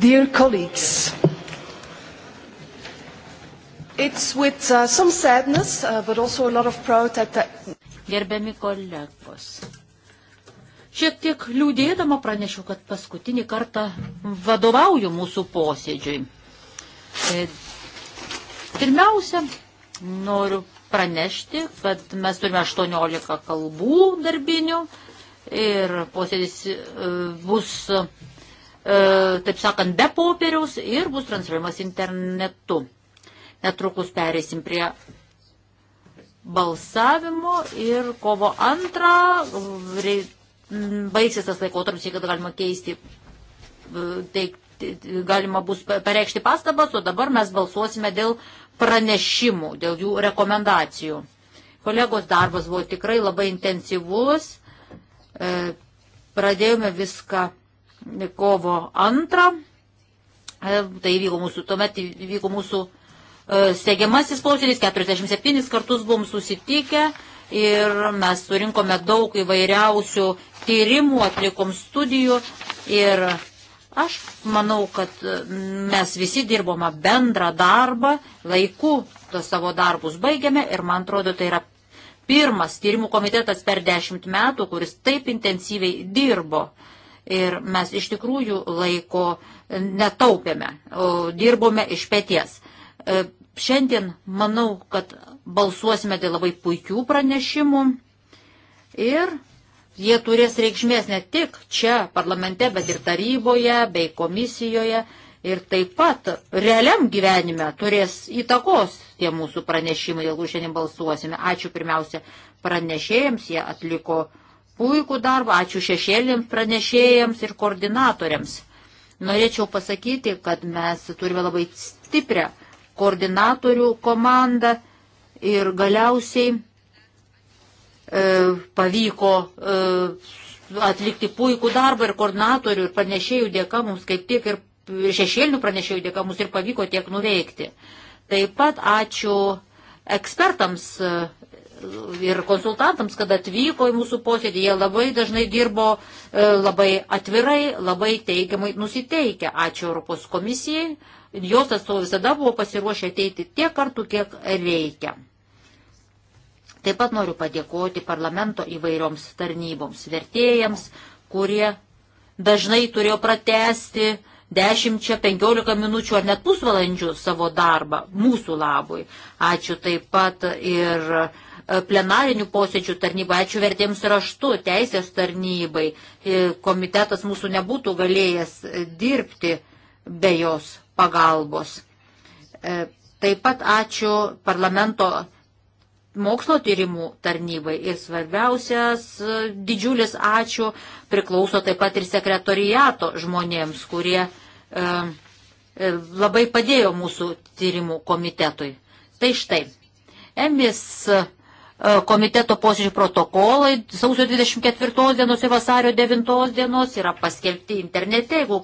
Dear colleagues, it's with uh, some sadness, uh, but also a lot of proud that... The... Gerbiami kolegos, šiek tiek liūdėdama pranešiu, kad paskutinį kartą vadovauju mūsų posėdžiui. E, pirmiausia, noriu pranešti, kad mes turime 18 kalbų darbinių ir posėdis e, bus E, taip sakant, be popieriaus ir bus transliuojamas internetu. Netrukus pereisim prie balsavimo ir kovo antrą baigsis tas laikotarpis, kad galima keisti, e, teikti, galima bus pareikšti pastabas, o dabar mes balsuosime dėl pranešimų, dėl jų rekomendacijų. Kolegos darbas buvo tikrai labai intensyvus, e, pradėjome viską kovo antrą. E, tai vyko mūsų, tuomet vyko mūsų e, steigiamasis posėdis, 47 kartus buvom susitikę ir mes surinkome daug įvairiausių tyrimų, atlikom studijų ir aš manau, kad mes visi dirbome bendrą darbą, laiku tos savo darbus baigiame ir man atrodo tai yra pirmas tyrimų komitetas per dešimt metų, kuris taip intensyviai dirbo ir mes iš tikrųjų laiko netaupėme, dirbome iš pėties. E, šiandien manau, kad balsuosime dėl labai puikių pranešimų ir jie turės reikšmės ne tik čia parlamente, bet ir taryboje bei komisijoje ir taip pat realiam gyvenime turės įtakos tie mūsų pranešimai, jeigu šiandien balsuosime. Ačiū pirmiausia pranešėjams, jie atliko puikų darbą, ačiū šešėlim pranešėjams ir koordinatoriams. Norėčiau pasakyti, kad mes turime labai stiprią koordinatorių komandą ir galiausiai e, pavyko e, atlikti puikų darbą ir koordinatorių ir pranešėjų dėka mums kaip tik ir šešėlinių pranešėjų dėka mums ir pavyko tiek nuveikti. Taip pat ačiū ekspertams e, ir konsultantams, kad atvyko į mūsų posėdį. Jie labai dažnai dirbo e, labai atvirai, labai teigiamai nusiteikę. Ačiū Europos komisijai. Jos atstovai visada buvo pasiruošę ateiti tiek kartų, kiek reikia. Taip pat noriu padėkoti parlamento įvairioms tarnyboms, vertėjams, kurie dažnai turėjo pratesti 10-15 minučių ar net pusvalandžių savo darbą mūsų labui. Ačiū taip pat ir plenarinių posėdžių tarnybai, ačiū vertėms raštu, teisės tarnybai. E, komitetas mūsų nebūtų galėjęs dirbti be jos pagalbos. E, taip pat ačiū parlamento mokslo tyrimų tarnybai ir svarbiausias e, didžiulis ačiū priklauso taip pat ir sekretoriato žmonėms, kurie labai padėjo mūsų tyrimų komitetui. Tai štai, emis E, komiteto posėdžių protokolai sausio 24 dienos ir vasario 9 dienos yra paskelbti internete, jeigu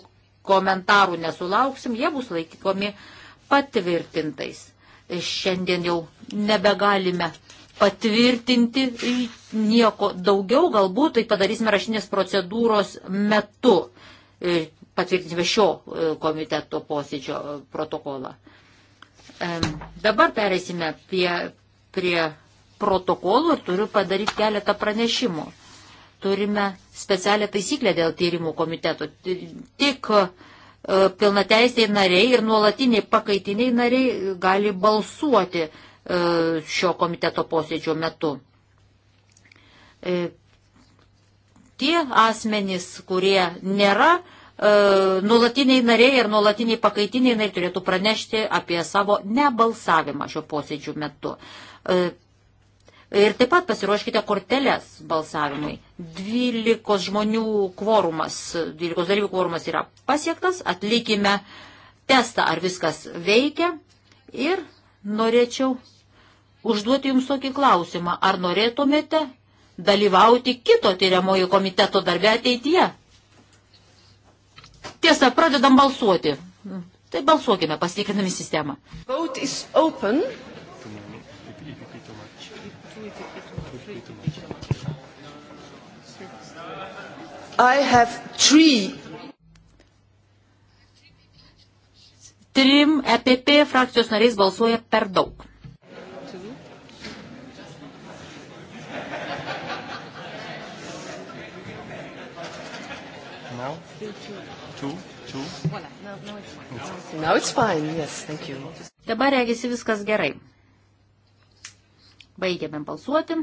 komentarų nesulauksim, jie bus laikikomi patvirtintais. Šiandien jau nebegalime patvirtinti nieko daugiau, galbūt tai padarysime rašinės procedūros metu, e, patvirtinsime šio e, komiteto posėdžio protokolą. Dabar pereisime prie, prie protokolų ir turiu padaryti keletą pranešimų. Turime specialią taisyklę dėl tyrimų komiteto. Tik e, pilnateisiai nariai ir nuolatiniai pakaitiniai nariai gali balsuoti e, šio komiteto posėdžio metu. E, tie asmenys, kurie nėra nuolatiniai nariai ir nuolatiniai pakaitiniai nariai turėtų pranešti apie savo nebalsavimą šio posėdžio metu. Ir taip pat pasiruoškite korteles balsavimui. 12 žmonių kvorumas, 12 dalyvių kvorumas yra pasiektas, atlikime testą, ar viskas veikia. Ir norėčiau užduoti Jums tokį klausimą, ar norėtumėte dalyvauti kito tyriamojo komiteto darbe ateityje? Tiesa, pradedam balsuoti. Tai balsuokime, pasitikinami sistemą. Vote is open. I have three. Trim EPP frakcijos nariais balsuoja per daug. Now? Two. Two? Two? Voilà. Now, now it's fine. Now it's fine, yes, thank you. Dabar regisi viskas gerai. Baigiame balsuoti.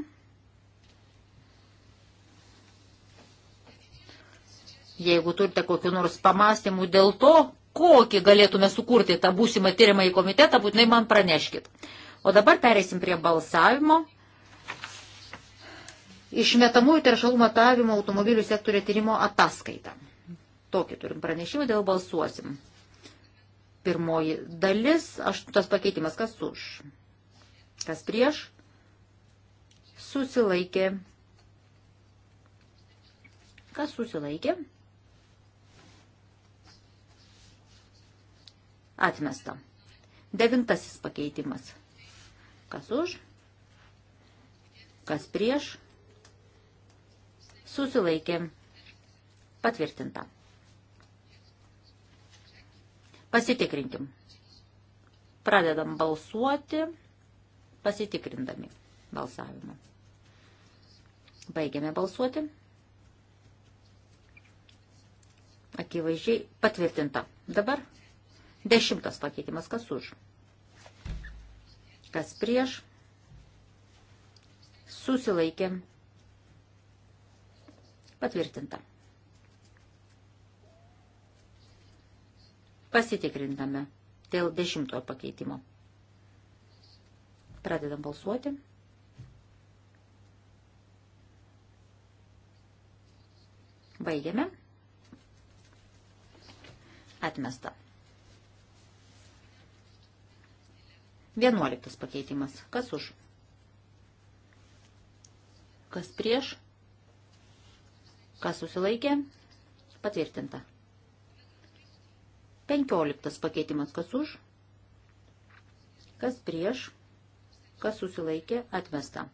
Jeigu turite kokiu nors pamastymų dėl to, kokį galėtume sukurti tą būsimą tyrimą į komitetą, būtinai man praneškit. O dabar pereisim prie balsavimo. Išmetamųjų teršalų matavimo automobilių sektorio tyrimo ataskaita. Tokį turim pranešimą, dėl balsuosim. Pirmoji dalis, aštuntas pakeitimas, kas už, kas prieš, susilaikė. Kas susilaikė? Atmesta. Devintasis pakeitimas. Kas už? Kas prieš? Susilaikė. Patvirtinta. Pasitikrinkim. Pradedam balsuoti, pasitikrindami balsavimą. Baigiame balsuoti. Akivaizdžiai patvirtinta. Dabar Dešimtas pakeitimas, kas už? Kas prieš? Susilaikė. Patvirtinta. Pasitikrintame dėl dešimtojo pakeitimo. Pradedam balsuoti. Baigiame. Atmesta. Vienuoliktas pakeitimas. Kas už? Kas prieš? Kas susilaikė? Patvirtinta. Penkioliktas pakeitimas. Kas už? Kas prieš? Kas susilaikė? Atmesta.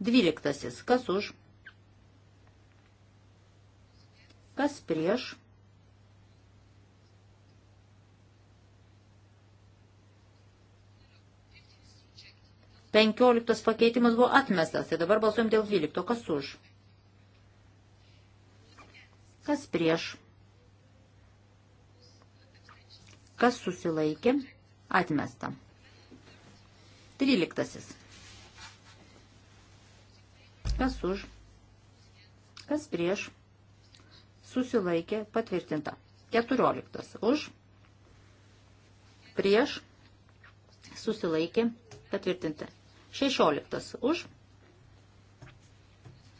Dvyliktasis. Kas už? Kas prieš? 15 pakeitimas buvo atmestas, tai dabar balsuojam dėl 12. Kas už? Kas prieš? Kas susilaikė? Atmesta. 13. Kas už? Kas prieš? Susilaikė patvirtinta. 14. Už? Prieš? Susilaikė patvirtinta. 16 už,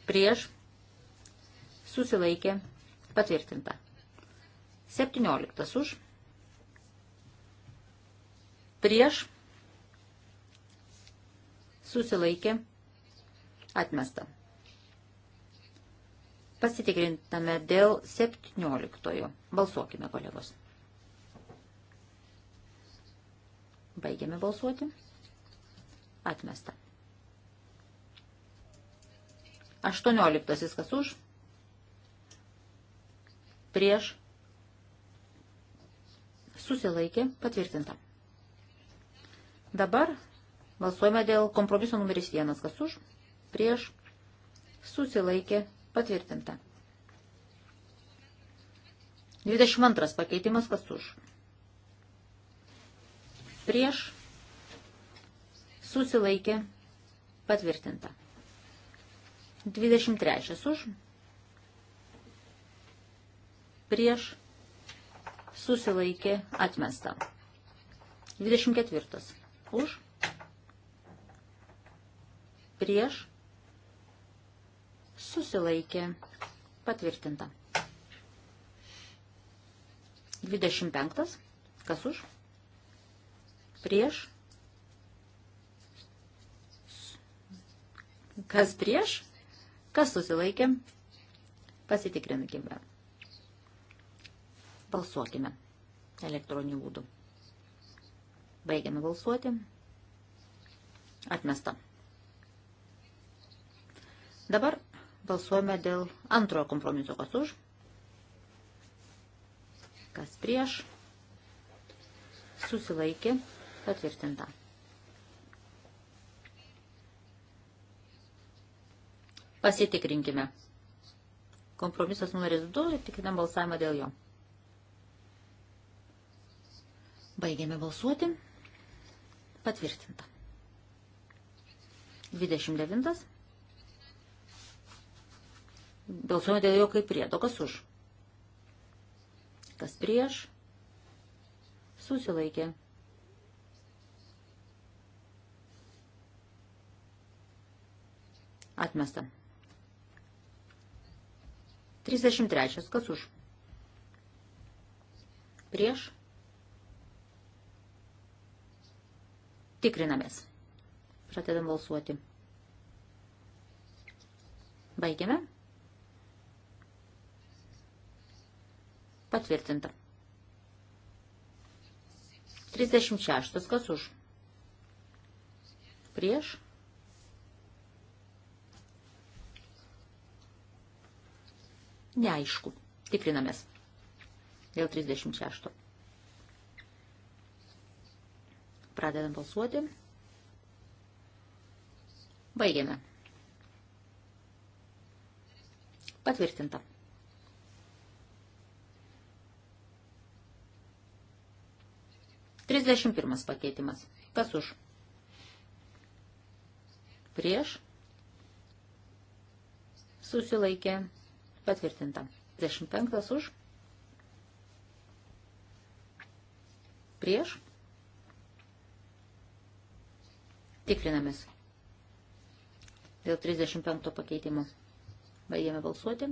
prieš, susilaikė, patvirtinta. 17 už, prieš, susilaikė, atmesta. Pasitikrintame dėl 17. Balsuokime, kolegos. Baigiame balsuoti atmesta. 18. Kas už? Prieš. Susilaikė. Patvirtinta. Dabar balsuojame dėl kompromiso numeris 1. Kas už? Prieš. Susilaikė. Patvirtinta. 22. Pakeitimas. Kas už? Prieš susilaikė patvirtinta. 23 už, prieš, susilaikė atmesta. 24 už, prieš, susilaikė patvirtinta. 25 kas už, prieš, Kas prieš? Kas susilaikė? Pasitikrinkime. Balsuokime elektroniniu būdu. Baigiame balsuoti. Atmesta. Dabar balsuojame dėl antrojo kompromiso, kas už, kas prieš, susilaikė, patvirtinta. Pasitikrinkime. Kompromisas numeris 2 ir tikrinam balsavimą dėl jo. Baigėme balsuoti. Patvirtinta. 29. Balsuojame dėl jo kaip priedo. Kas už? Kas prieš? Susilaikė. Atmesta. 33. Kas už? Prieš. Tikrinamės. Pradedam balsuoti. Baigiame. Patvirtinta. 36. Kas už? Prieš. Neaišku. Tikrinamės. Dėl 36. Pradedam balsuoti. Baigiame. Patvirtinta. Trisdešimt pirmas pakeitimas. Kas už? Prieš. Susilaikė. Patvirtinta. 25 už. Prieš. Tikrinamės. Dėl 35 pakeitimo. Baigėme balsuoti.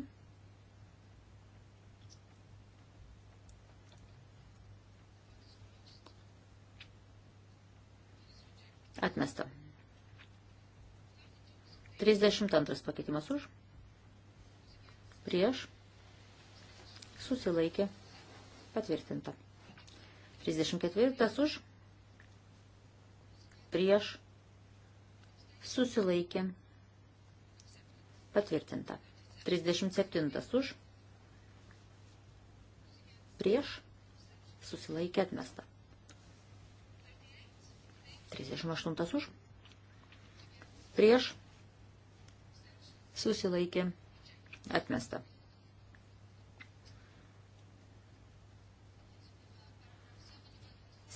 Atmesta. 32 pakeitimas už prieš, susilaikė, patvirtinta. 34 už, prieš, susilaikė, patvirtinta. 37 už, prieš, susilaikė, atmesta. 38 už, prieš, susilaikė, atmesta Atmesta.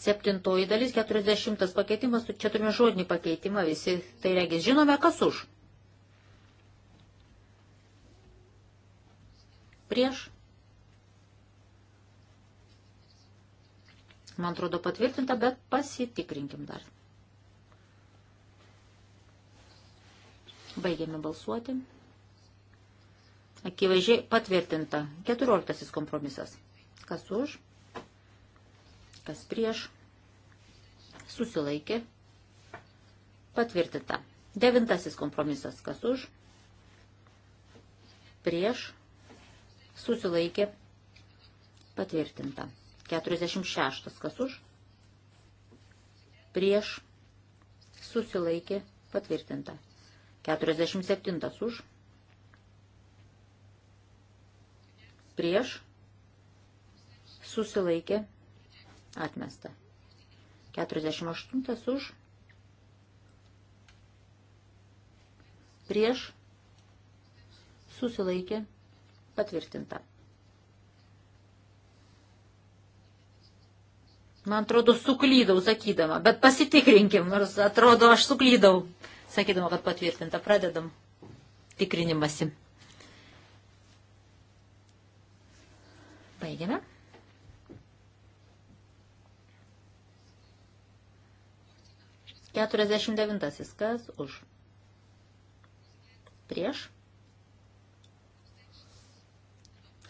Septintoji dalis, keturiasdešimtas pakeitimas, čia turime žodinį pakeitimą, visi tai regis žinome, kas už. Prieš. Man atrodo patvirtinta, bet pasitikrinkim dar. Baigėme balsuoti. Akivaizdžiai patvirtinta. 14 kompromisas. Kas už? Kas prieš? Susilaikė. Patvirtinta. Devintasis kompromisas. Kas už? Prieš. Susilaikė. Patvirtinta. 46. Kas už? Prieš. Susilaikė. Patvirtinta. 47. Už. prieš, susilaikė, atmesta. 48 už, prieš, susilaikė, patvirtinta. Man atrodo, suklydau, sakydama, bet pasitikrinkim, nors atrodo, aš suklydau, sakydama, kad patvirtinta, pradedam tikrinimasi. Baigiame. Keturiasdešimt devintasis. Kas už? Prieš.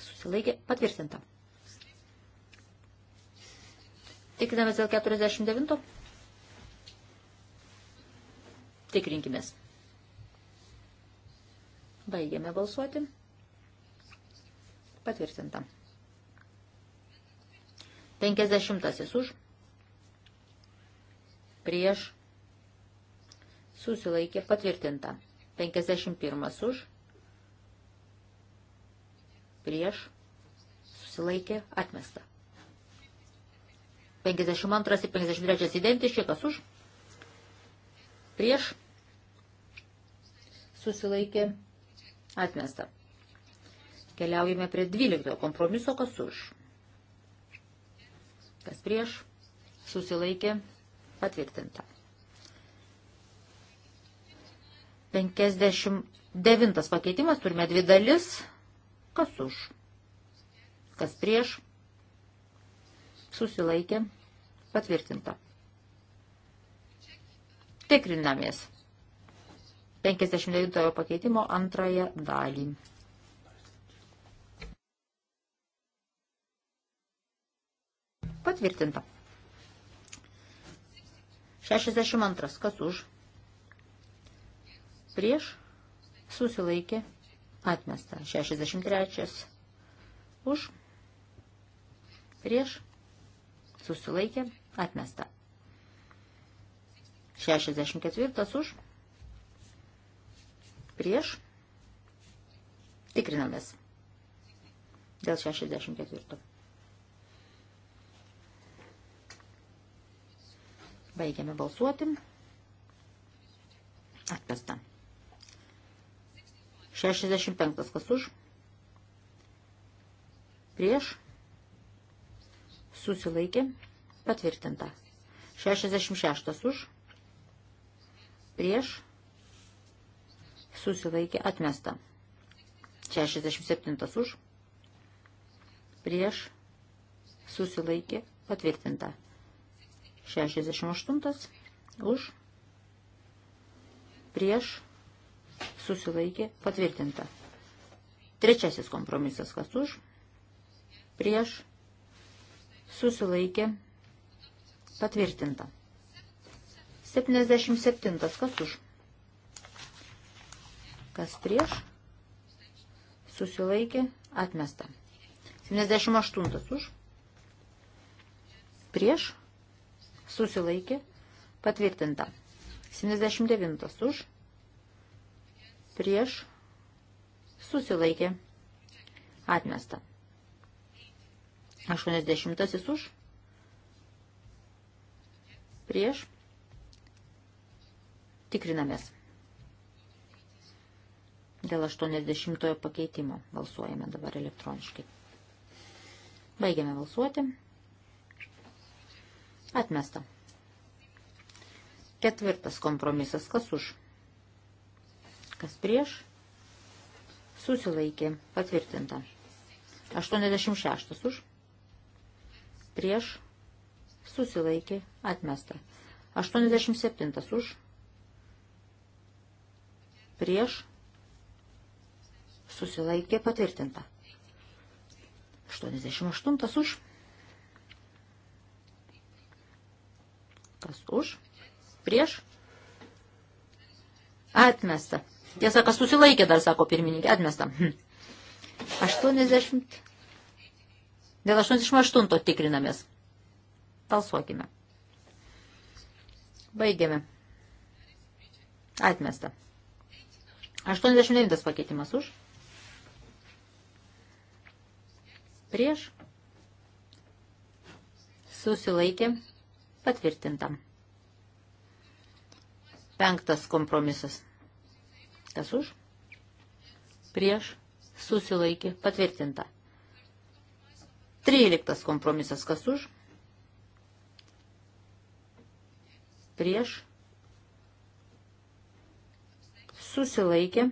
Susilaikė. Patvirtinta. Tikrinamės dėl 49. Tikrinkimės. Baigiame balsuoti. Patvirtinta. Penkiasdešimtasis už, prieš, susilaikė patvirtinta. Penkiasdešimt pirmas už, prieš, susilaikė atmesta. 52 ir 53 identiški, kas už, prieš, susilaikė atmesta. Keliaujame prie 12 kompromiso, kas už kas prieš, susilaikė, patvirtinta. 59 pakeitimas, turime dvi dalis, kas už, kas prieš, susilaikė, patvirtinta. Tikrinamės 59 pakeitimo antrąją dalį. Patvirtinta. 62. Kas už? Prieš susilaikė atmesta. 63. Už prieš susilaikė atmesta. 64. Už prieš tikrinamės dėl 64. Baigiame balsuoti. Atmesta. 65 kas už. Prieš. Susilaikė. Patvirtinta. 66 už. Prieš. Susilaikė. Atmesta. 67 už. Prieš. Susilaikė. Patvirtinta. 68 už prieš susilaikė patvirtinta. Trečiasis kompromisas kas už prieš susilaikė patvirtinta. 77 kas už kas prieš susilaikė atmesta. 78 už prieš susilaikė, patvirtinta. 79 už, prieš, susilaikė, atmesta. 80 už, prieš, tikrinamės. Dėl 80 pakeitimo balsuojame dabar elektroniškai. Baigiame balsuoti. Atmesta. Ketvirtas kompromisas. Kas už? Kas prieš? Susilaikė. Patvirtinta. 86 už. Prieš. Susilaikė. Atmesta. 87 už. Prieš. Susilaikė. Patvirtinta. 88 už. Kas už? Prieš? Atmesta. Tiesa, kas susilaikė dar, sako pirmininkė, atmesta. Hm. 80. Dėl 88 tikrinamės. Balsuokime. Baigiame. Atmesta. 89 pakeitimas už. Prieš. Susilaikė. Patvirtinta. Penktas kompromisas. Kas už? Prieš. Susilaikė. Patvirtinta. Tryliktas kompromisas. Kas už? Prieš. Susilaikė.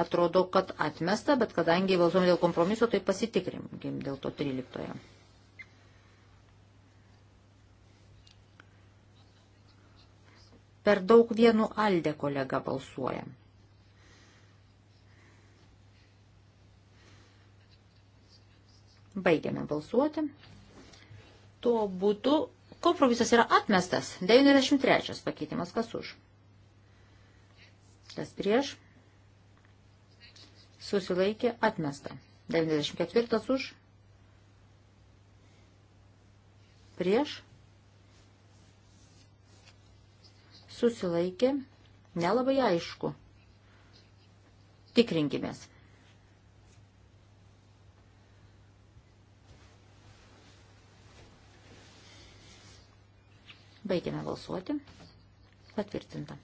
Atrodo, kad atmesta, bet kadangi balsuom dėl kompromiso, tai pasitikrim dėl to tryliktojo. per daug vienu alde kolega balsuoja. Baigiame balsuoti. Tuo būdu kompromisas yra atmestas. 93 pakeitimas kas už. Kas prieš. Susilaikė atmesta. 94 už. Prieš susilaikė, nelabai aišku. Tikrinkimės. Baigiame balsuoti. Patvirtinta.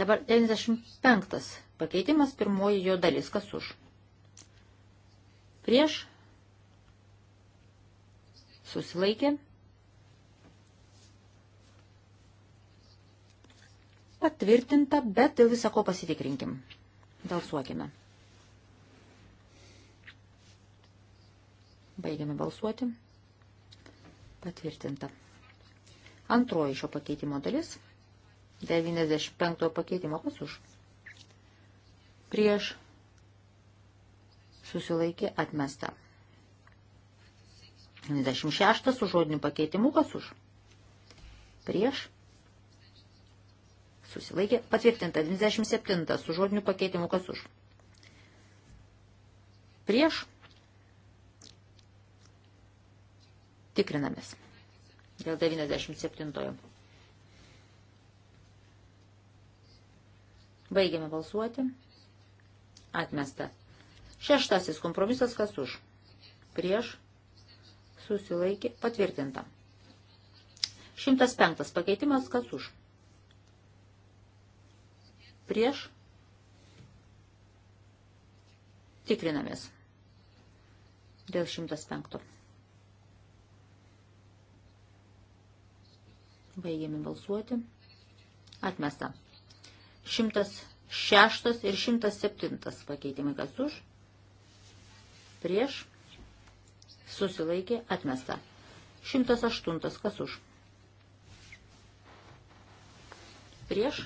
Dabar 95. Pakeitimas pirmoji jo dalis. Kas už? Prieš susilaikė. Patvirtinta, bet dėl visako pasitikrinkim. Balsuokime. Baigiame balsuoti. Patvirtinta. Antroji šio pakeitimo dalis. 95 pakeitimo kas už. Prieš susilaikė atmesta. 76 su žodiniu pakeitimu, kas už. Prieš. Susilaikė. Patvirtinta. 97 su žodiniu pakeitimu, kas už. Prieš. Tikrinamės. Dėl 97. Baigiame balsuoti. Atmesta. Šeštasis kompromisas, kas už. Prieš susilaikė, patvirtinta. 105 pakeitimas, kas už? Prieš. Tikrinamės. Dėl 105. Baigėme balsuoti. Atmesta. 106 ir 107 pakeitimai, kas už? Prieš susilaikė, atmesta. 108, kas už? Prieš,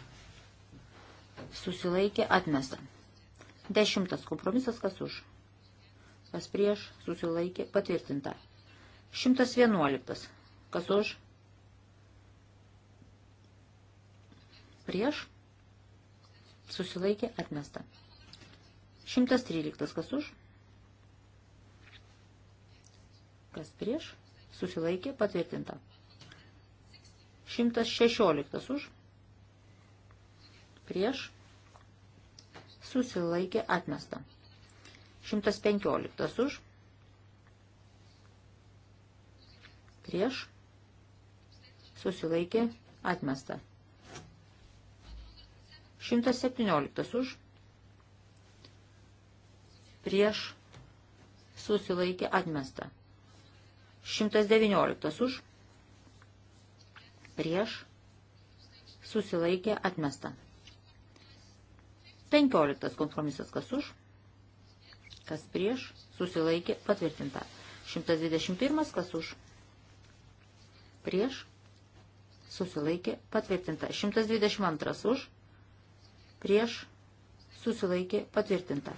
susilaikė, atmesta. 10 kompromisas, kas už? Kas prieš, susilaikė, patvirtinta. 111, kas už? Prieš, susilaikė, atmesta. 113, kas už? kas prieš, susilaikė, patvirtinta. 116 už, prieš, susilaikė, atmesta. 115 už, prieš, susilaikė, atmesta. 117 už, prieš, susilaikė, atmesta. 119 už, prieš, susilaikė, atmesta. 15 kompromisas kas už, kas prieš, susilaikė, patvirtinta. 121 kas už, prieš, susilaikė, patvirtinta. 122 už, prieš, susilaikė, patvirtinta.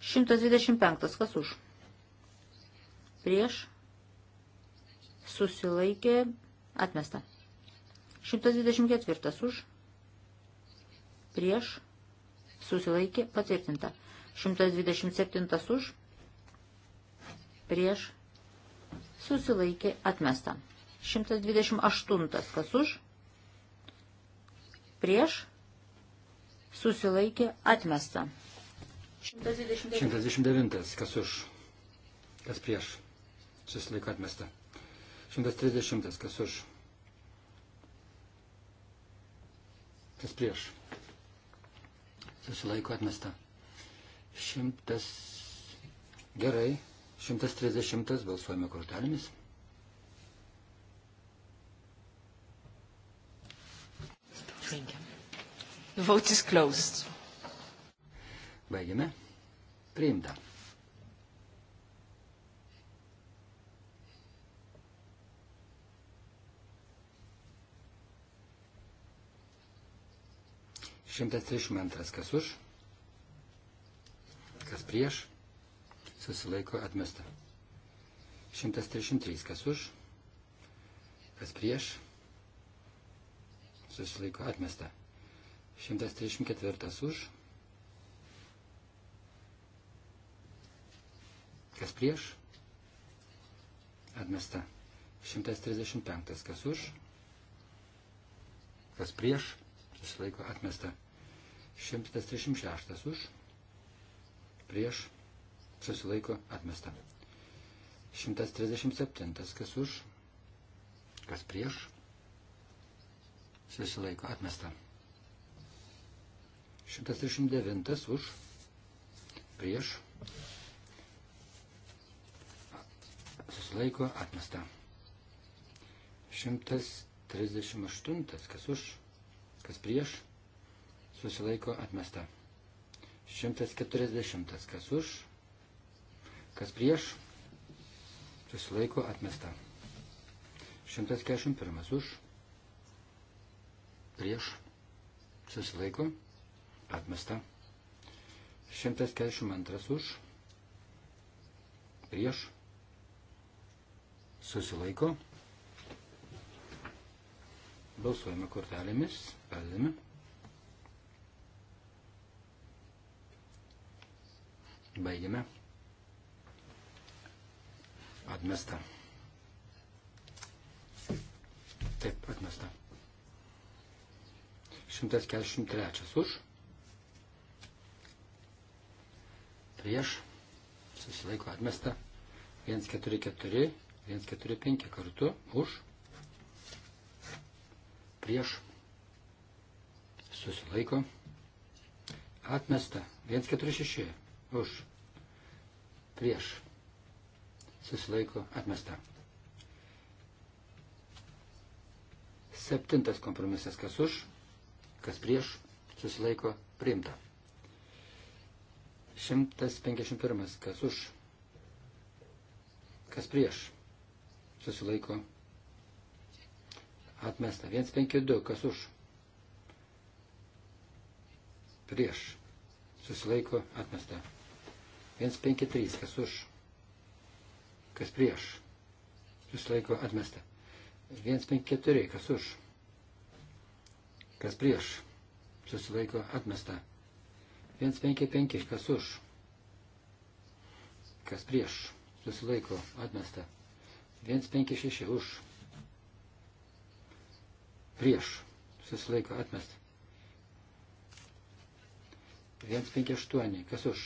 125 kas už prieš, susilaikė, atmesta. 124 už, prieš, susilaikė, patvirtinta. 127 už, prieš, susilaikė, atmesta. 128 kas už, prieš, susilaikė, atmesta. 129 kas už, kas prieš susilaiko atmesta. 130 kas už, kas prieš, susilaiko atmesta. 100 gerai, 130 balsuojame kortelėmis. The vote is closed. Baigiame. Priimta. 132 kas už, kas prieš, susilaiko atmesta. 133 kas už, kas prieš, susilaiko atmesta. 134 už, kas prieš, atmesta. 135 kas už, kas prieš, susilaiko atmesta. 136 už, prieš, susilaiko atmesta. 137 kas už, kas prieš, susilaiko atmesta. 139 už, prieš, susilaiko atmesta. 138 kas už, kas prieš, susilaiko atmesta. 140. Kas už, kas prieš, susilaiko atmesta. 141. Už, prieš, susilaiko atmesta. 142. Už, prieš, susilaiko. Balsuojame kortelėmis, pradedame. Baigiame. Atmesta. Taip, atmesta. 143 už. Prieš. Susilaiko atmesta. 144, 145 kartu už. Prieš. Susilaiko. Atmesta. 146 už prieš susilaiko atmesta. Septintas kompromisas, kas už, kas prieš, susilaiko priimta. 151, kas už, kas prieš, susilaiko atmesta. 152, kas už, prieš, susilaiko atmesta. 153, kas už, kas prieš, susilaiko atmesta. 154, kas už, kas prieš, susilaiko atmesta. 155, kas už, kas prieš, susilaiko atmesta. 156 už, prieš, susilaiko atmesta. 158, kas už,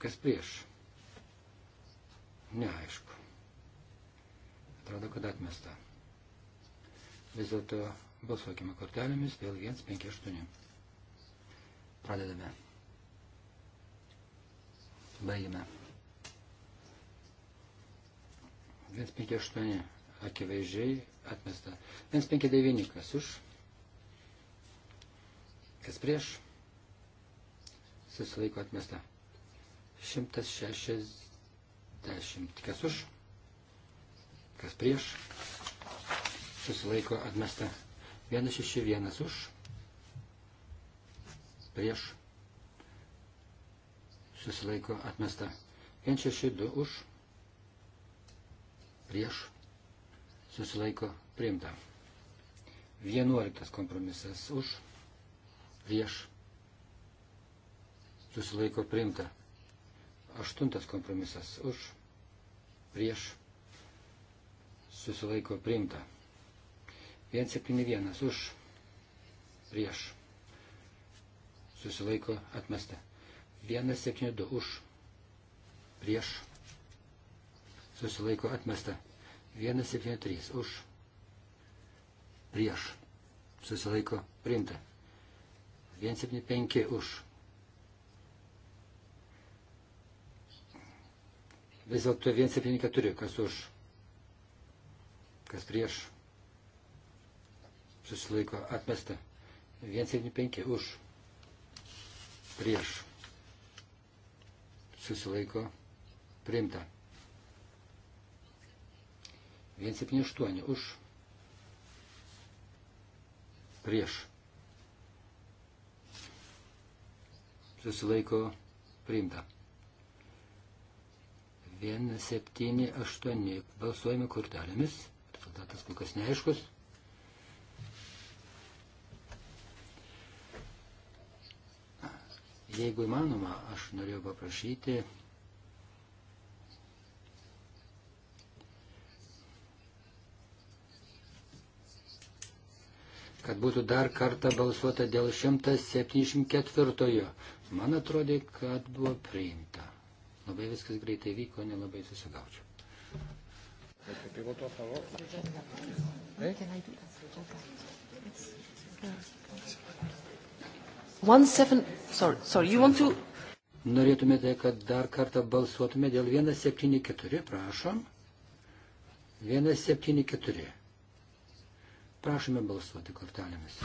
Kas prieš? Neaišku. Atrodo, kad atmesta. Vis dėlto balsuokime kortelėmis dėl 158. Pradedame. Baigime. 158 akivaizdžiai atmesta. 159 kas už, kas prieš, susilaiko atmesta. 160. Kas už? Kas prieš? Susilaiko atmesta. 161 už. Prieš. Susilaiko atmesta. 162 už. Prieš. Susilaiko priimta. 11 kompromisas už. Prieš. Susilaiko priimta. Aštuntas kompromisas už, prieš, susilaiko priimta. 171 už, prieš, susilaiko atmesta. 172 už, prieš, susilaiko atmesta. 173 už, prieš, susilaiko priimta. 175 už Vis dėlto 174, kas už, kas prieš, susilaiko atmesta. 175 už, prieš, susilaiko priimta. 178 už, prieš, susilaiko priimta. 178. Balsuojame kortelėmis. Rezultatas kol kas neaiškus. Jeigu įmanoma, aš norėjau paprašyti kad būtų dar kartą balsuota dėl 174. Man atrodė, kad buvo priimta. Labai viskas greitai vyko, nelabai susigaučiau. One seven, sorry, sorry, you want to... Norėtumėte, kad dar kartą balsuotume dėl 174, prašom. 174. Prašome balsuoti kortelėmis.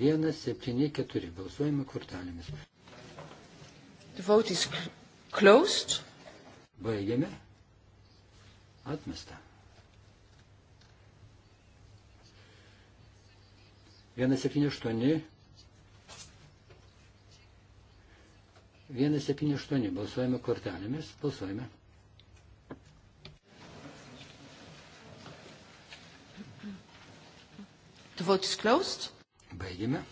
174 balsuojame kortelėmis. The vote is closed. Baigiame. Atmesta. Vienas septyni aštuoni. Vienas septyni aštuoni. Balsuojame kortelėmis. Balsuojame. The vote is closed. Baigime.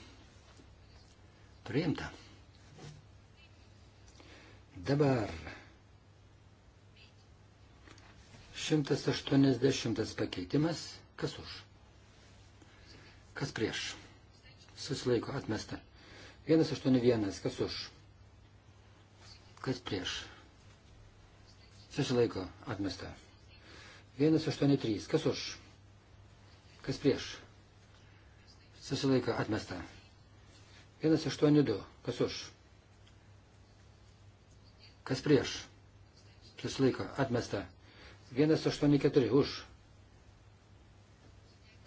Priimta. Dabar 180 pakeitimas. Kas už? Kas prieš? Susilaiko atmesta. 181. Kas už? Kas prieš? Susilaiko atmesta. 183. Kas už? Kas prieš? Susilaiko atmesta. 182. Kas už? Kas prieš? Susilaiko. Atmesta. 184 už.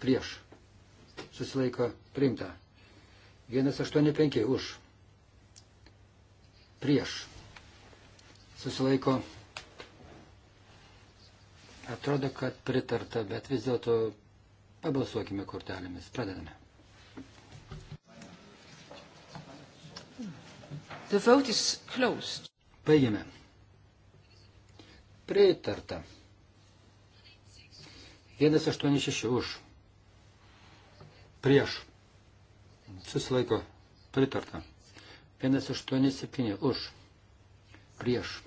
Prieš. Susilaiko. Priimta. 185 už. Prieš. Susilaiko. Atrodo, kad pritarta, bet vis dėlto pabalsuokime kortelėmis. Pradedame. The vote is closed. Baigiame. Pritarta. 186 už. Prieš. Susilaiko. Pritarta. 187 už. Prieš.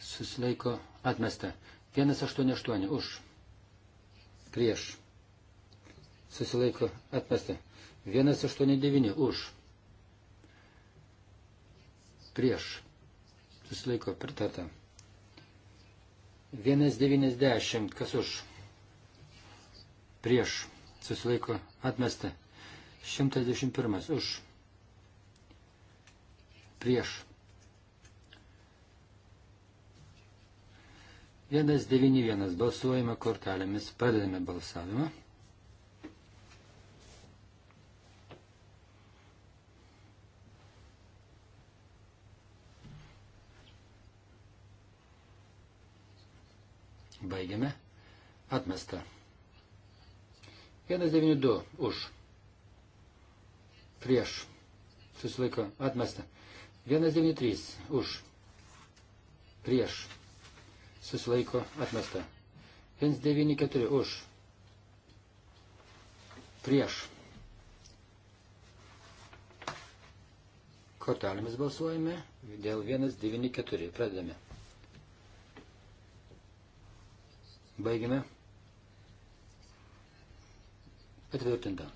Susilaiko. Atmesta. 188 už. Prieš. Susilaiko. Atmesta. 189 už. Prieš susilaiko pritarta. 1,90, kas už, prieš, susilaiko atmesta. 111 už, prieš. 191 balsuojame kortelėmis, padedame balsavimą. Baigiame. Atmesta. 192 už. Prieš. Susilaiko. Atmesta. 193 už. Prieš. Susilaiko. Atmesta. 194 už. Prieš. Kortelėmis balsuojame dėl 194. Pradedame. Baigime. Patvirtinta.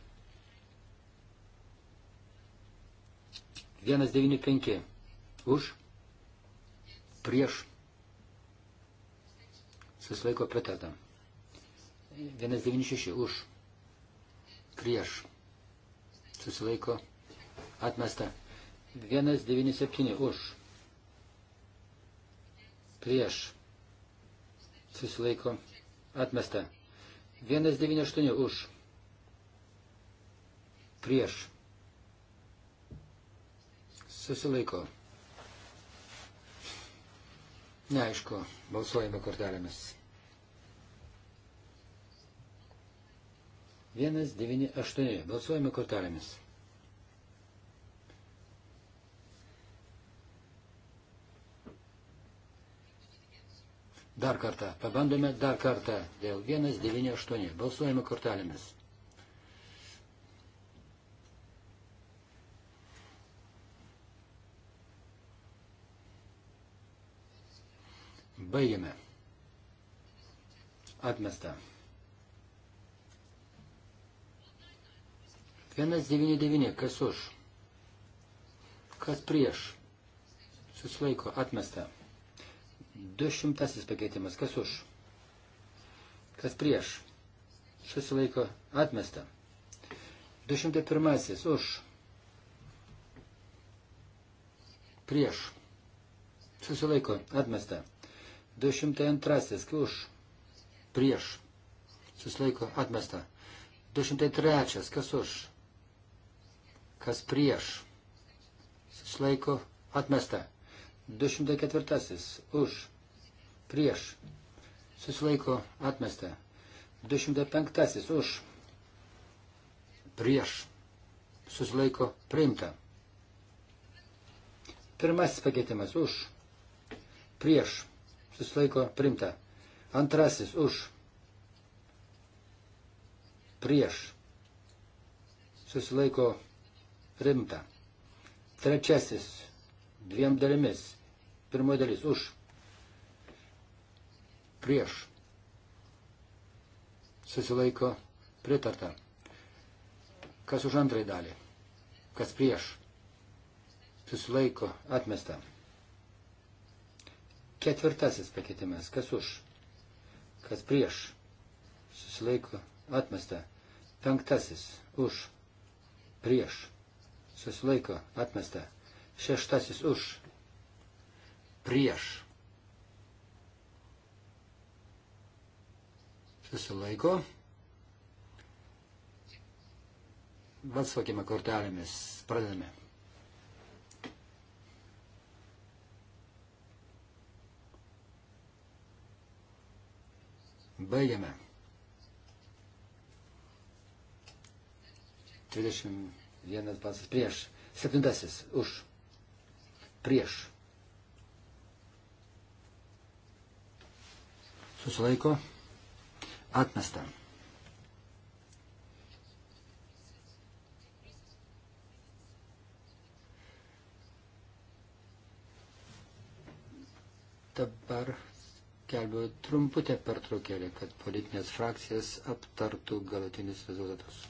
195. Už. Prieš. Susilaiko pritarta. 196. Už. Prieš. Susilaiko atmesta. 197. Už. Prieš. Susilaiko atmesta atmesta. 198 už. Prieš. Susilaiko. Neaišku, balsuojame kortelėmis. 198. Balsuojame kortelėmis. Dar kartą, pabandome dar kartą dėl 198. Balsuojame kortelėmis. Baigiame. Atmesta. 199. Kas už? Kas prieš? Susilaiko. Atmesta. 200 pakeitimas. Kas už? Kas prieš? Susilaiko atmesta. 201 už. Prieš. Susilaiko atmesta. 202 už. Prieš. Susilaiko atmesta. 203 kas už. Kas prieš. Susilaiko atmesta. 204 už, prieš, susilaiko atmesta. 205 už, prieš, susilaiko priimta. Pirmasis pakeitimas už, prieš, susilaiko priimta. Antrasis už, prieš, susilaiko priimta. Trečiasis dviem dalimis. Pirmoji dalis už. Prieš. Susilaiko pritarta. Kas už antrąjį dalį? Kas prieš? Susilaiko atmesta. Ketvirtasis pakeitimas. Kas už? Kas prieš? Susilaiko atmesta. Penktasis. Už. Prieš. Susilaiko atmesta. Šeštasis už prieš. Susilaiko. Balsuokime kortelėmis. Pradedame. Baigiame. 31 pasas prieš. Septintasis už. Prieš. susilaiko, atmesta. Dabar kelbiu trumputę pertraukėlę, kad politinės frakcijas aptartų galutinius rezultatus.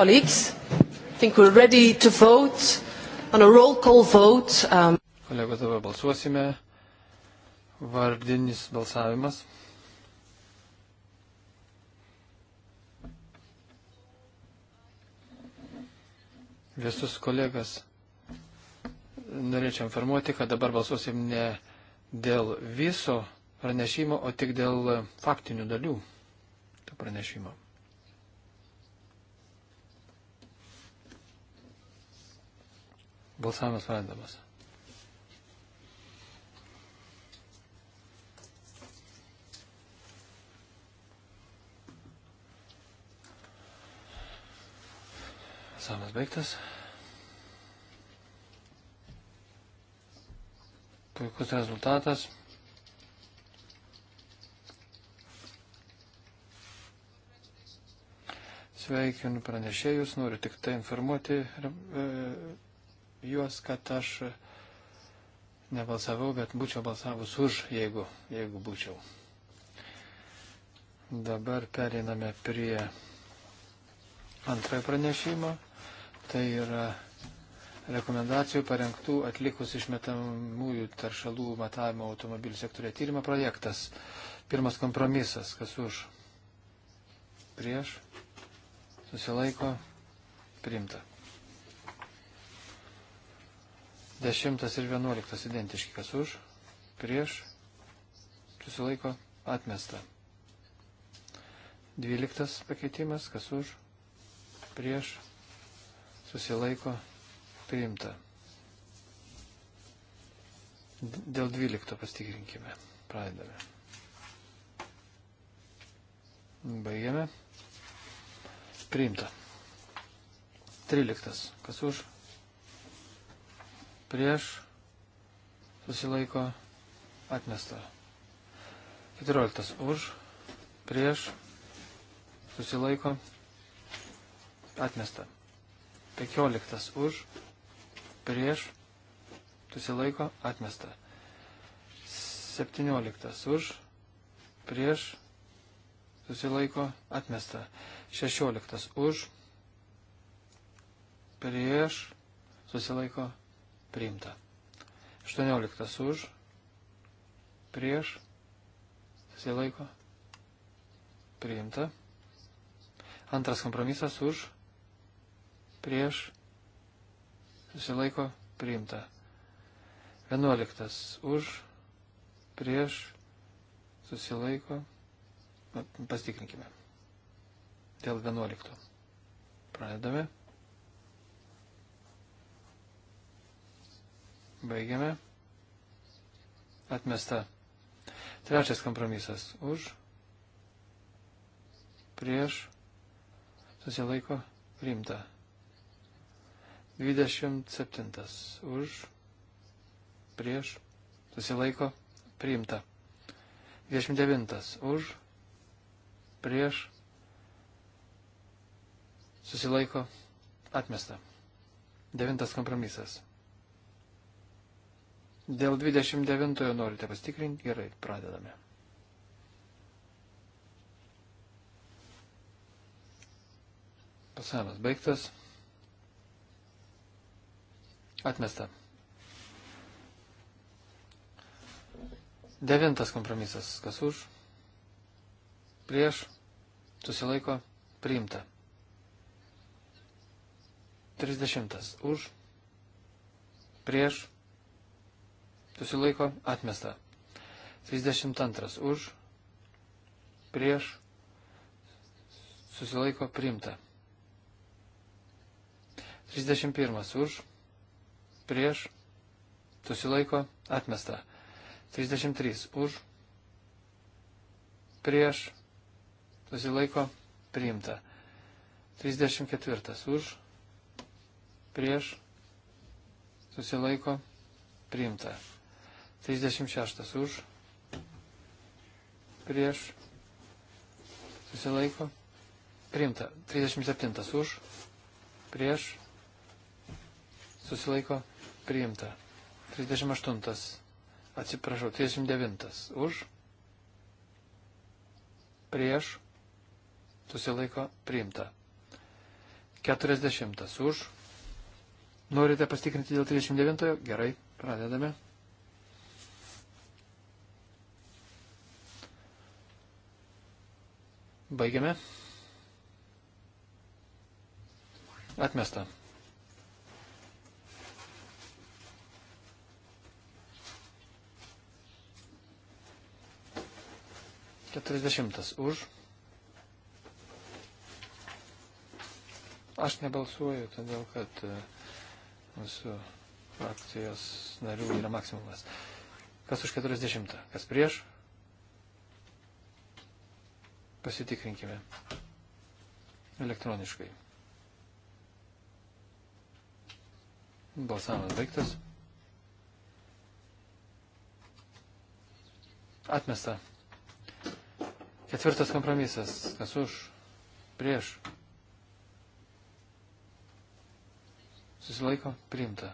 Colleagues, I think we're ready to vote on a roll call vote. Um. Kolegos, dabar balsuosime. Vardinis balsavimas. Visus kolegas norėčiau informuoti, kad dabar balsuosim ne dėl viso pranešimo, o tik dėl faktinių dalių to pranešimo. Balsavimas pradedamas. Balsavimas baigtas. Puikus rezultatas. Sveikinu pranešėjus, noriu tik tai informuoti e, juos, kad aš nebalsavau, bet būčiau balsavus už, jeigu, jeigu būčiau. Dabar periname prie antrojo pranešimo. Tai yra rekomendacijų parengtų atlikus išmetamųjų taršalų matavimo automobilių sektorė tyrimo projektas. Pirmas kompromisas, kas už, prieš, susilaiko, primta. Dešimtas ir vienuoliktas identiški, kas už, prieš, susilaiko, atmesta. Dvyliktas pakeitimas, kas už, prieš, susilaiko, priimta. Dėl dvylikto pastikrinkime. Pradedame. Baigiame. Priimta. Tryliktas, kas už, prieš, susilaiko atmesta. 14 už, prieš, susilaiko atmesta. 15 už, prieš, susilaiko atmesta. 17 už, prieš, susilaiko atmesta. 16 už, prieš, susilaiko priimta. 18 už, prieš, susilaiko, priimta. Antras kompromisas už, prieš, susilaiko, priimta. 11 už, prieš, susilaiko, pastikrinkime. Dėl 11. Pradedame. Baigiame. Atmesta. Trečias kompromisas. Už. Prieš. Susilaiko. Rimta. 27. Už. Prieš. Susilaiko. Priimta. 29. Už. Prieš. Susilaiko. Atmesta. Devintas kompromisas. Dėl 29 norite pastikrinti? Gerai, pradedame. Pasavimas baigtas. Atmesta. Devintas kompromisas. Kas už? Prieš. Susilaiko. Priimta. Trisdešimtas. Už. Prieš susilaiko atmesta. 32 už, prieš, susilaiko primta. 31 už, prieš, susilaiko atmesta. 33 už, prieš, susilaiko priimta. 34 už, prieš, susilaiko priimta. 36 už, prieš, susilaiko, priimta. 37 už, prieš, susilaiko, priimta. 38, atsiprašau, 39 už, prieš, susilaiko, priimta. 40 už. Norite pastikrinti dėl 39? Gerai, pradedame. Baigiame. Atmesta. Keturiasdešimtas už. Aš nebalsuoju, todėl kad e, mūsų frakcijos narių yra maksimumas. Kas už 40, kas prieš, Pasitikrinkime elektroniškai. Balsavimas baigtas. Atmesta. Ketvirtas kompromisas. Kas už? Prieš. Susilaiko? Priimta.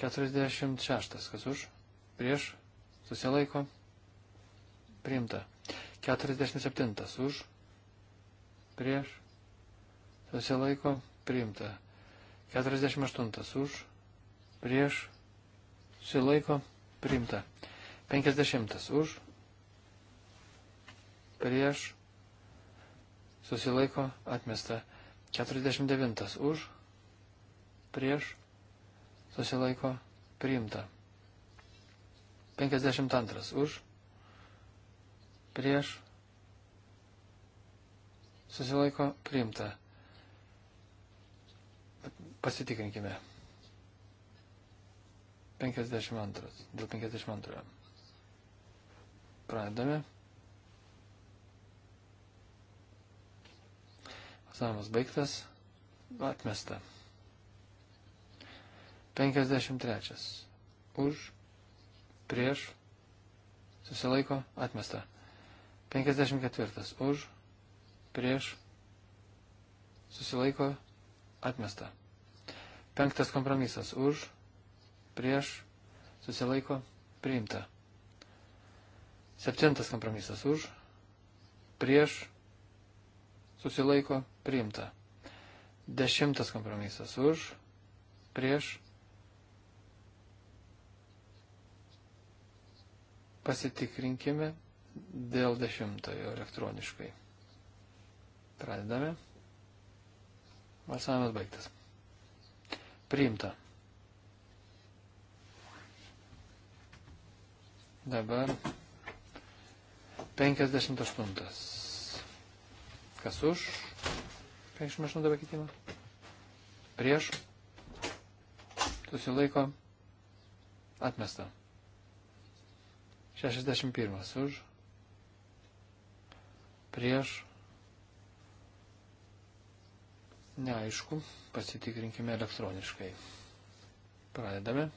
46. Kas už? Prieš. Susilaiko? Priimta. 47 už, prieš, susilaiko, priimta. 48 už, prieš, susilaiko, priimta. 50 už, prieš, susilaiko, atmesta. 49 už, prieš, susilaiko, priimta. 52 už, prieš, susilaiko priimta. Pasitikrinkime. 52. Dėl 52. Pradedame. Balsavimas baigtas. Atmesta. 53. Už, prieš, susilaiko, atmesta. 54 už, prieš, susilaiko, atmesta. Penktas kompromisas už, prieš, susilaiko, priimta. Septintas kompromisas už, prieš, susilaiko, priimta. Dešimtas kompromisas už, prieš, pasitikrinkime dėl dešimtojo elektroniškai. Pradedame. Balsavimas baigtas. Priimta. Dabar 58. Kas už 58 pakeitimą? Prieš. Susilaiko. Atmesta. 61 už prieš, neaišku, pasitikrinkime elektroniškai. Pradedame,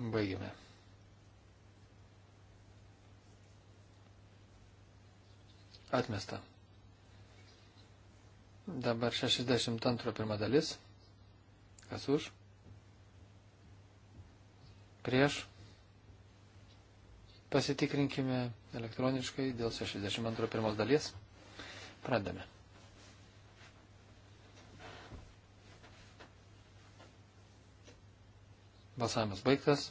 baigiame. Atmesta. Dabar 62 pirma dalis. Kas už? Prieš. Pasitikrinkime elektroniškai dėl 62 pirmos dalies. Pradame. Balsavimas baigtas.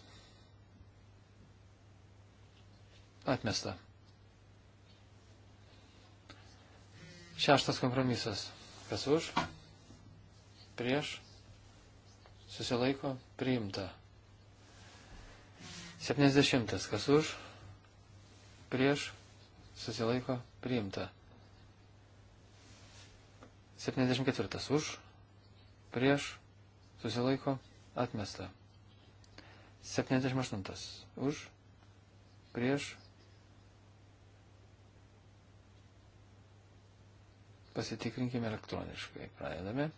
Atmesta. Šeštas kompromisas. Kas už? Prieš? Susilaiko? Priimta. 70. Kas už? prieš, susilaiko, priimta. 74 už, prieš, susilaiko, atmesta. 78 už, prieš, pasitikrinkime elektroniškai. Pradedame.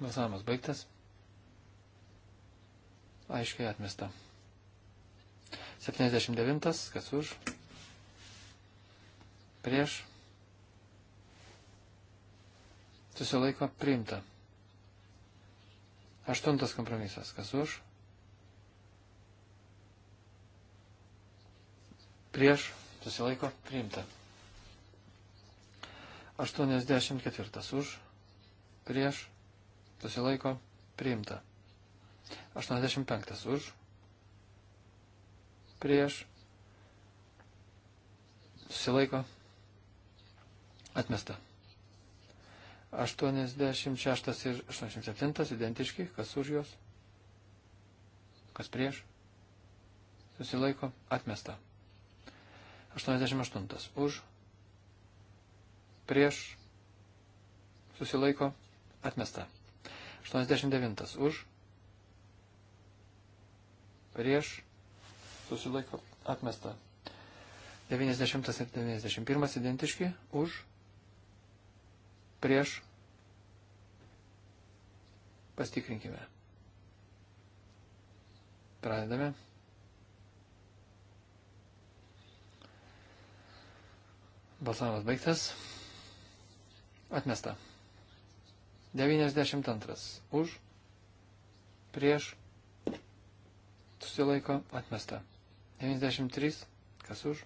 Balsavimas baigtas. Aiškiai atmesta. 79. Kas už? Prieš. Susilaiko priimta. Aštuntas kompromisas. Kas už? Prieš. Susilaiko priimta. 84. Už. Prieš susilaiko priimta. 85 už, prieš, susilaiko atmesta. 86 ir 87 identiški, kas už juos, kas prieš, susilaiko atmesta. 88 už, prieš, susilaiko atmesta. 89 už, prieš, susilaiko atmesta. 90 ir 91 identiški, už, prieš, pastikrinkime. Pradedame. Balsavimas baigtas. Atmesta. 92. Už, prieš, susilaiko, atmesta. 93. Kas už,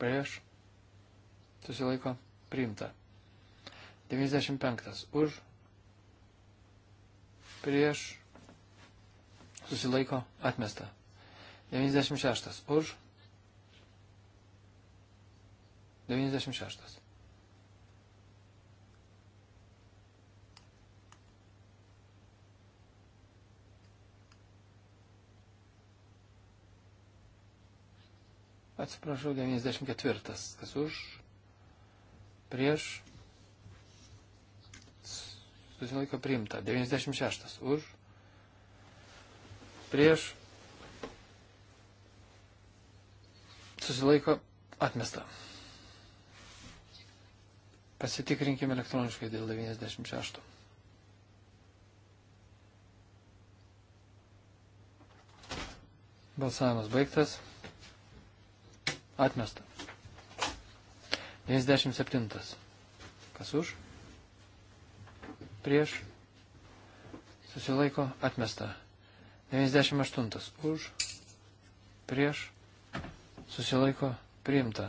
prieš, susilaiko, priimta. 95. Už, prieš, susilaiko, atmesta. 96. Už, 96. Atsiprašau, 94. Kas už? Prieš. Susilaiko priimta. 96. Už. Prieš. Susilaiko atmesta. Pasitikrinkime elektroniškai dėl 96. Balsavimas baigtas. Atmesta. 97. Kas už? Prieš. Susilaiko. Atmesta. 98. Už. Prieš. Susilaiko. Priimta.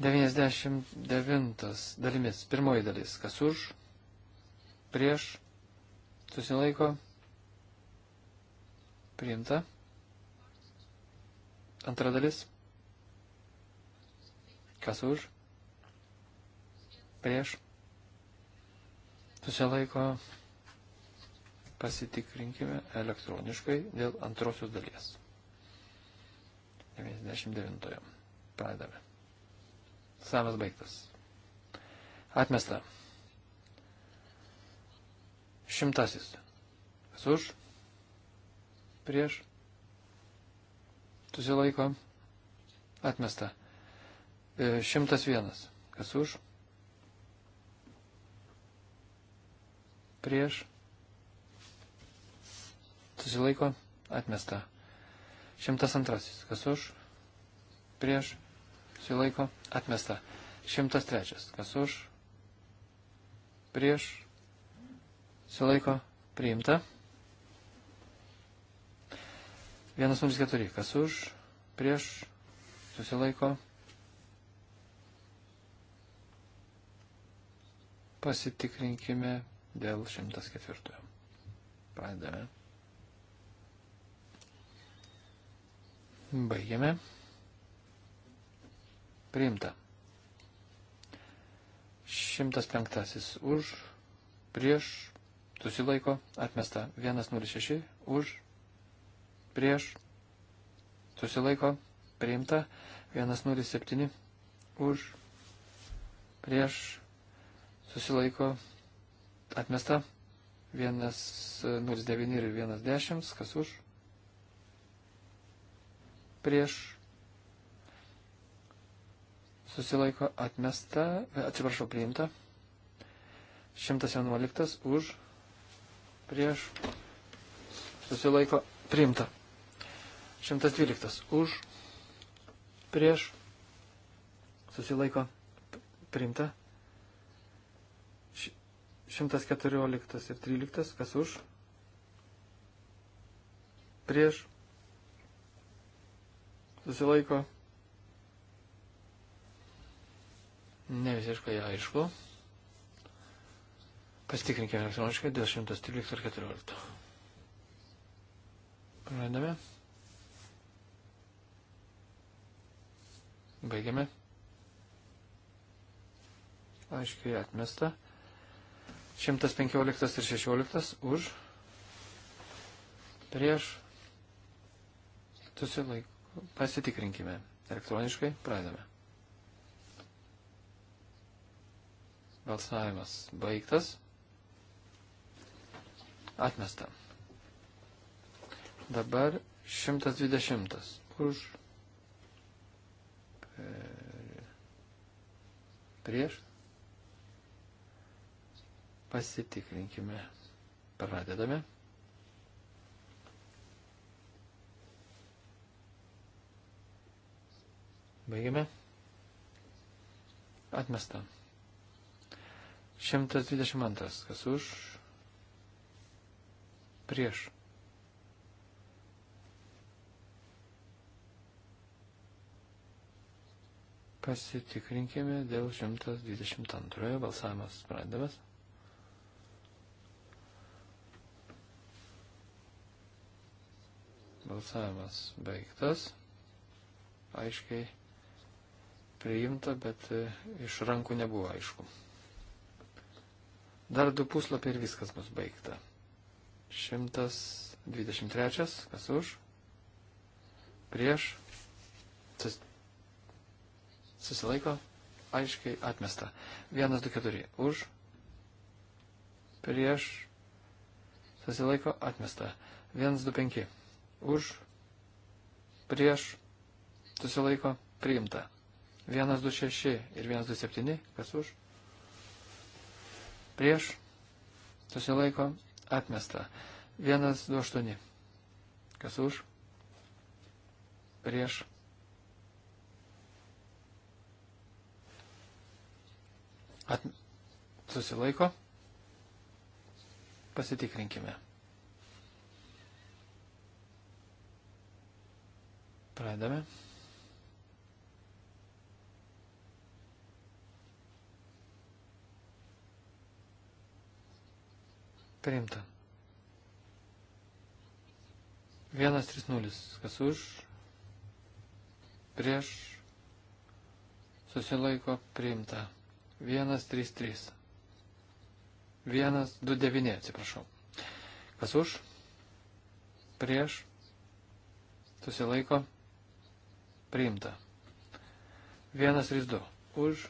99 dalimis. Pirmoji dalis. Kas už? Prieš. Susilaiko. Priimta. Antra dalis. Kas už? Prieš. Susilaiko. Pasitikrinkime elektroniškai dėl antrosios dalies. 99. Pradame. Samas baigtas. Atmesta. Šimtasis. Kas už? Prieš susilaiko, atmesta. 101. E, Kas už? Prieš. Susilaiko, atmesta. 102. Kas už? Prieš. Susilaiko, atmesta. 103. Kas už? Prieš. Susilaiko, priimta. 104. Kas už, prieš, susilaiko. Pasitikrinkime dėl 104. Pradedame. Baigiame. Priimta. 105 už, prieš, susilaiko, atmesta 106 už, prieš, susilaiko, priimta, 107 už, prieš, susilaiko, atmesta, 109 ir 110, kas už, prieš, susilaiko, atmesta, atsiprašau, priimta, 111 už, prieš, susilaiko, priimta. 112 už, prieš, susilaiko, priimta. 114 ir 13, kas už, prieš, susilaiko, ne visiškai aišku. Pasitikrinkime elektroniškai dėl 113 ir 14. Pradedame. Baigiame. Aiškiai atmesta. 115 ir 16 už. Prieš. Susilaiko. Pasitikrinkime. Elektroniškai pradame. Balsavimas baigtas. Atmesta. Dabar 120 už prieš. Pasitikrinkime. Pradedame. Baigiame. Atmesta. 122. Kas už? Prieš. Pasitikrinkime dėl 122 balsavimas sprendimas. Balsavimas baigtas. Aiškiai priimta, bet e, iš rankų nebuvo aišku. Dar du puslapiai ir viskas bus baigta. 123, kas už, prieš, susilaiko, aiškiai atmesta. 1, 2, 4, už, prieš, susilaiko, atmesta. 1, 2, 5, už, prieš, susilaiko, priimta. 1, 2, 6 ir 1, 2, 7, kas už, prieš, susilaiko, atmesta. 1, 2, 8, kas už, prieš, At... Susilaiko. Pasitikrinkime. Pradame. Priimta. 1-3-0. Kas už? Prieš. Susilaiko. Priimta. 133. 129, atsiprašau. Kas už? Prieš? Susilaiko? Priimta. 132. Už?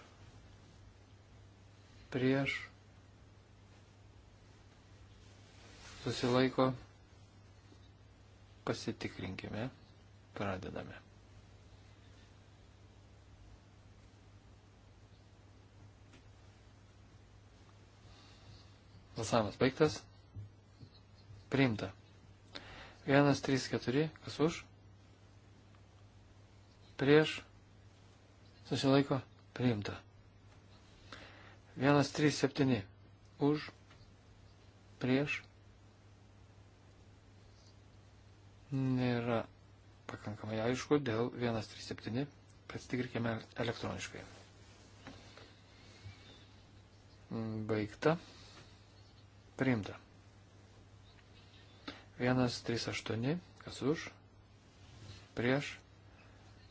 Prieš? Susilaiko? Pasitikrinkime. Pradedame. Balsavimas baigtas. Priimta. 1, 3, 4. Kas už? Prieš. Susilaiko. Priimta. 1, 3, 7. Už. Prieš. Nėra pakankamai aišku dėl 137. Pasitikrinkime elektroniškai. Baigta. Priimta. 138, kas už, prieš,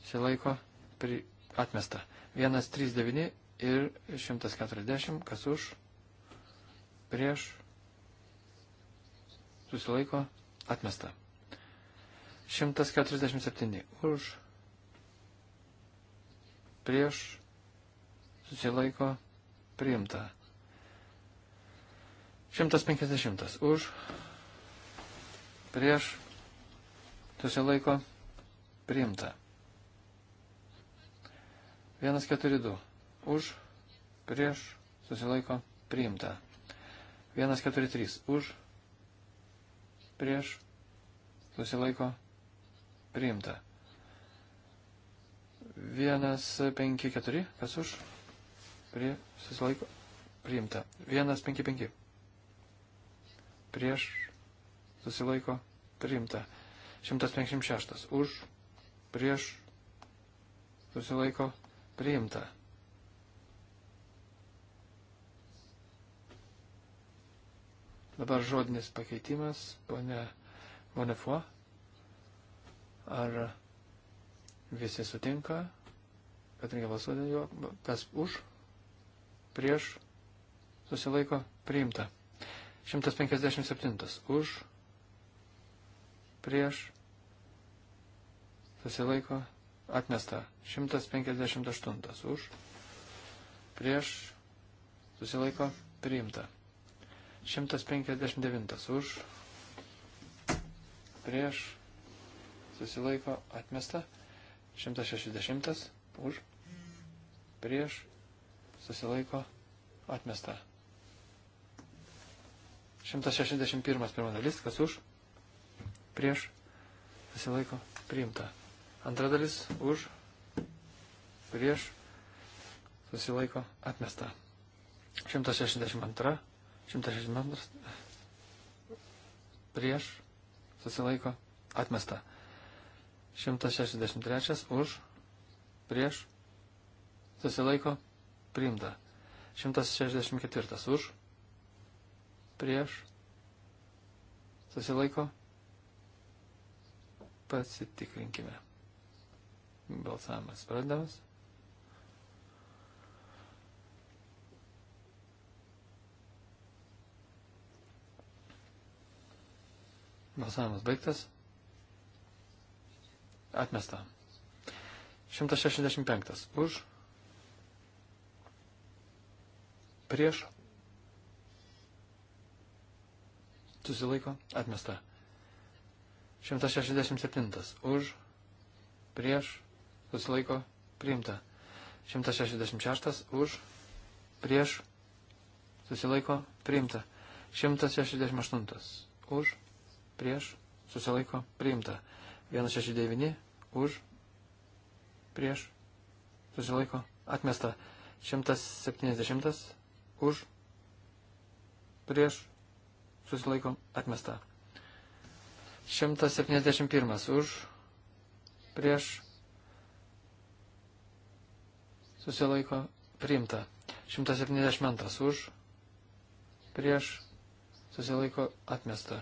silaiko, pri, atmesta. 139 ir 140, kas už, prieš, susilaiko, atmesta. 147, už, prieš, susilaiko, priimta. 150 už, prieš, susilaiko, priimta. 142 už, prieš, susilaiko, priimta. 143 už, prieš, susilaiko, priimta. 154, kas už, prie, susilaiko, priimta. 155 prieš susilaiko priimta. 156 už prieš susilaiko priimta. Dabar žodinis pakeitimas, ponė Monefo. Ar visi sutinka, kad reikia balsuoti jo, kas už, prieš, susilaiko, priimta. 157 už, prieš, susilaiko, atmesta. 158 už, prieš, susilaiko, priimta. 159 už, prieš, susilaiko, atmesta. 160 už, prieš, susilaiko, atmesta. 161 pirma dalis, kas už, prieš, susilaiko, priimta. Antra dalis, už, prieš, susilaiko, atmesta. 162, 162, prieš, susilaiko, atmesta. 163, už, prieš, susilaiko, priimta. 164, už, prieš, susilaiko, pasitikrinkime. Balsavimas pradedamas. Balsavimas baigtas. Atmesta. 165. Už. Prieš. susilaiko atmesta. 167 už, prieš, susilaiko priimta. 166 už, prieš, susilaiko priimta. 168 už, prieš, susilaiko priimta. 169 už, prieš, susilaiko atmesta. 170 už, prieš, susilaiko atmesta. 171 už, prieš, susilaiko priimta. 172 už, prieš, susilaiko atmesta.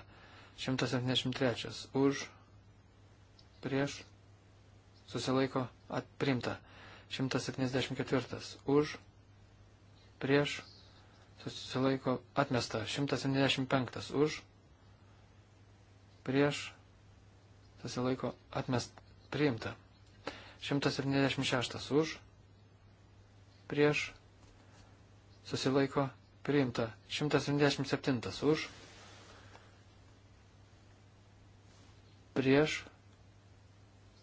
173 už, prieš, susilaiko atprimta. 174 už, prieš, susilaiko atmesta 175 už, prieš susilaiko atmest priimta 176 už, prieš susilaiko priimta 177 už, prieš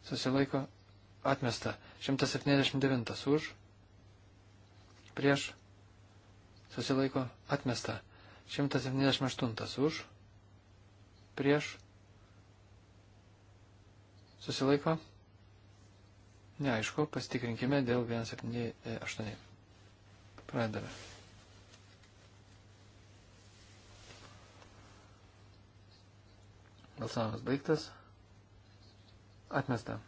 susilaiko atmesta 179 už, prieš susilaiko atmesta. 178 už, prieš, susilaiko, neaišku, pasitikrinkime dėl 178. Pradedame. Balsavimas baigtas. Atmesta.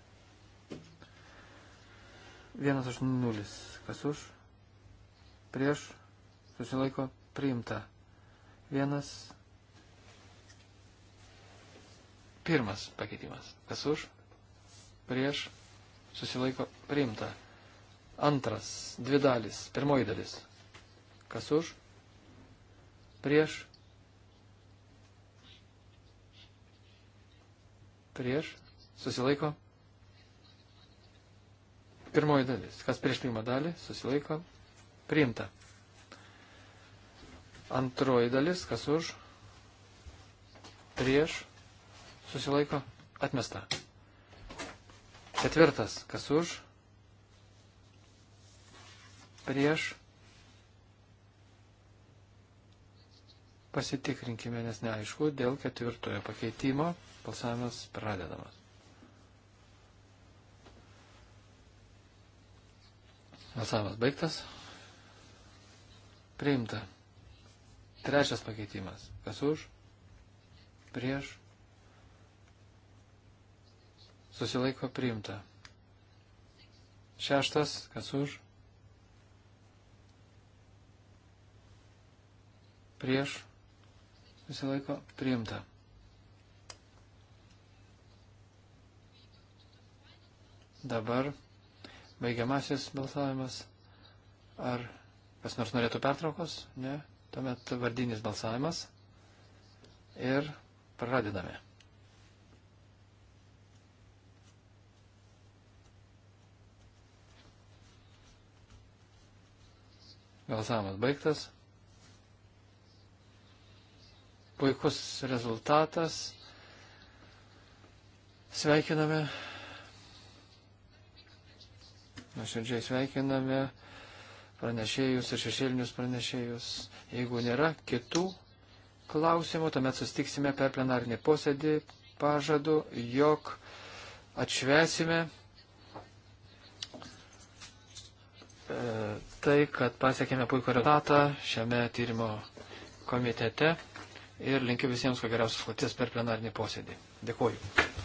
180. Kas už? Prieš susilaiko priimta. Vienas. Pirmas pakeitimas. Kas už? Prieš susilaiko priimta. Antras. Dvi dalis. Pirmoji dalis. Kas už? Prieš. Prieš. Susilaiko. Pirmoji dalis. Kas prieš pirmą dalį? Susilaiko. Priimta. Antroji dalis, kas už, prieš, susilaiko, atmesta. Ketvirtas, kas už, prieš, pasitikrinkime, nes neaišku, dėl ketvirtojo pakeitimo balsavimas pradedamas. Balsavimas baigtas. Priimta. Trečias pakeitimas. Kas už? Prieš? Susilaiko priimta. Šeštas. Kas už? Prieš? Susilaiko priimta. Dabar baigiamasis balsavimas. Ar kas nors norėtų pertraukos? Ne. Tuomet vardinis balsavimas ir pradedame. Balsavimas baigtas. Puikus rezultatas. Sveikiname. Nuoširdžiai sveikiname pranešėjus ir šešėlinius pranešėjus. Jeigu nėra kitų klausimų, tuomet sustiksime per plenarinį posėdį. Pažadu, jog atšvesime e, tai, kad pasiekėme puikų rezultatą šiame tyrimo komitete ir linkiu visiems ko geriausios kloties per plenarinį posėdį. Dėkuoju.